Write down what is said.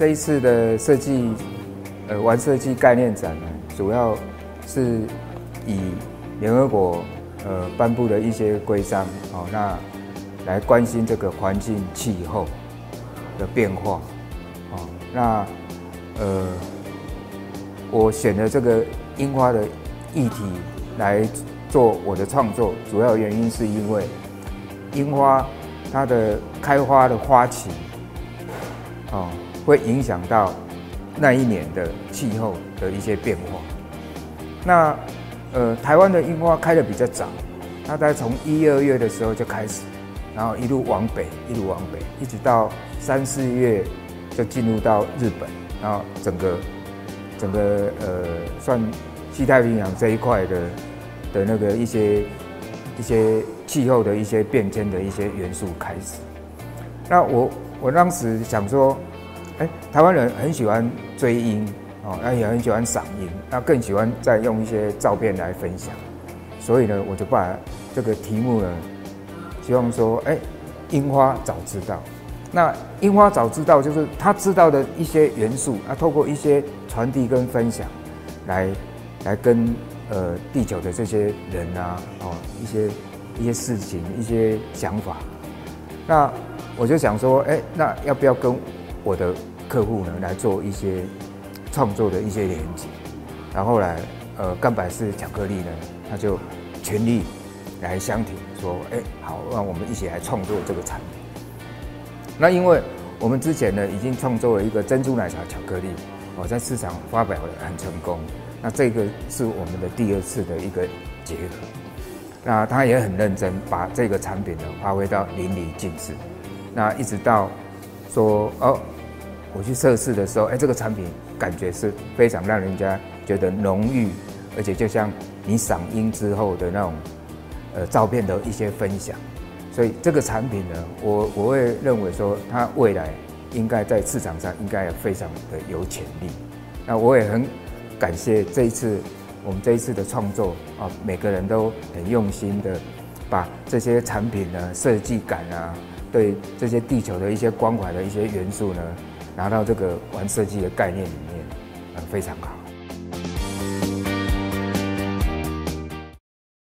這一次的設計，呃，玩設計概念展呢，主要是以聯合國呃頒布的一些規章哦，那來關心這個環境氣候的變化哦。那呃，我選的這個櫻花的議題來做我的創作，主要原因是因為櫻花它的開花的花期哦。會影響到那一年的氣候的一些變化。那呃，台灣的櫻花開得比較早，那大概從一、二月的時候就開始，然後一路往北，一路往北，一直到三四月就進入到日本，然後整個整個呃，算西太平洋這一塊的的那個一些一些氣候的一些變遷的一些元素開始。那我我當時想說。哎、欸，台灣人很喜歡追櫻哦，也很喜歡賞櫻，那、啊、更喜歡再用一些照片來分享。所以呢，我就把這個題目呢，希望說，哎、欸，櫻花早知道。那櫻花早知道就是他知道的一些元素啊，透過一些傳遞跟分享來，來來跟呃地球的這些人啊，哦，一些一些事情、一些想法。那我就想說，哎、欸，那要不要跟我的？客戶呢來做一些創作的一些連接，然後來，呃，甘百世巧克力呢，他就全力來相挺說，哎，好，讓我們一起來創作這個產品。那因為我們之前呢已經創作了一個珍珠奶茶巧克力，哦，在市場發表很成功。那這個是我們的第二次的一個結合。那他也很認真，把這個產品呢發揮到淋漓盡致。那一直到說哦。我去測試的時候，哎、欸，這個產品感覺是非常讓人家覺得濃郁，而且就像你賞櫻之後的那種，呃，照片的一些分享。所以這個產品呢，我我會認為說，它未來應該在市場上應該非常的有潛力。那我也很感謝這一次我們這一次的創作啊，每個人都很用心的把這些產品呢設計感啊，對這些地球的一些關懷的一些元素呢。拿到這個玩設計的概念裡面，呃，非常好。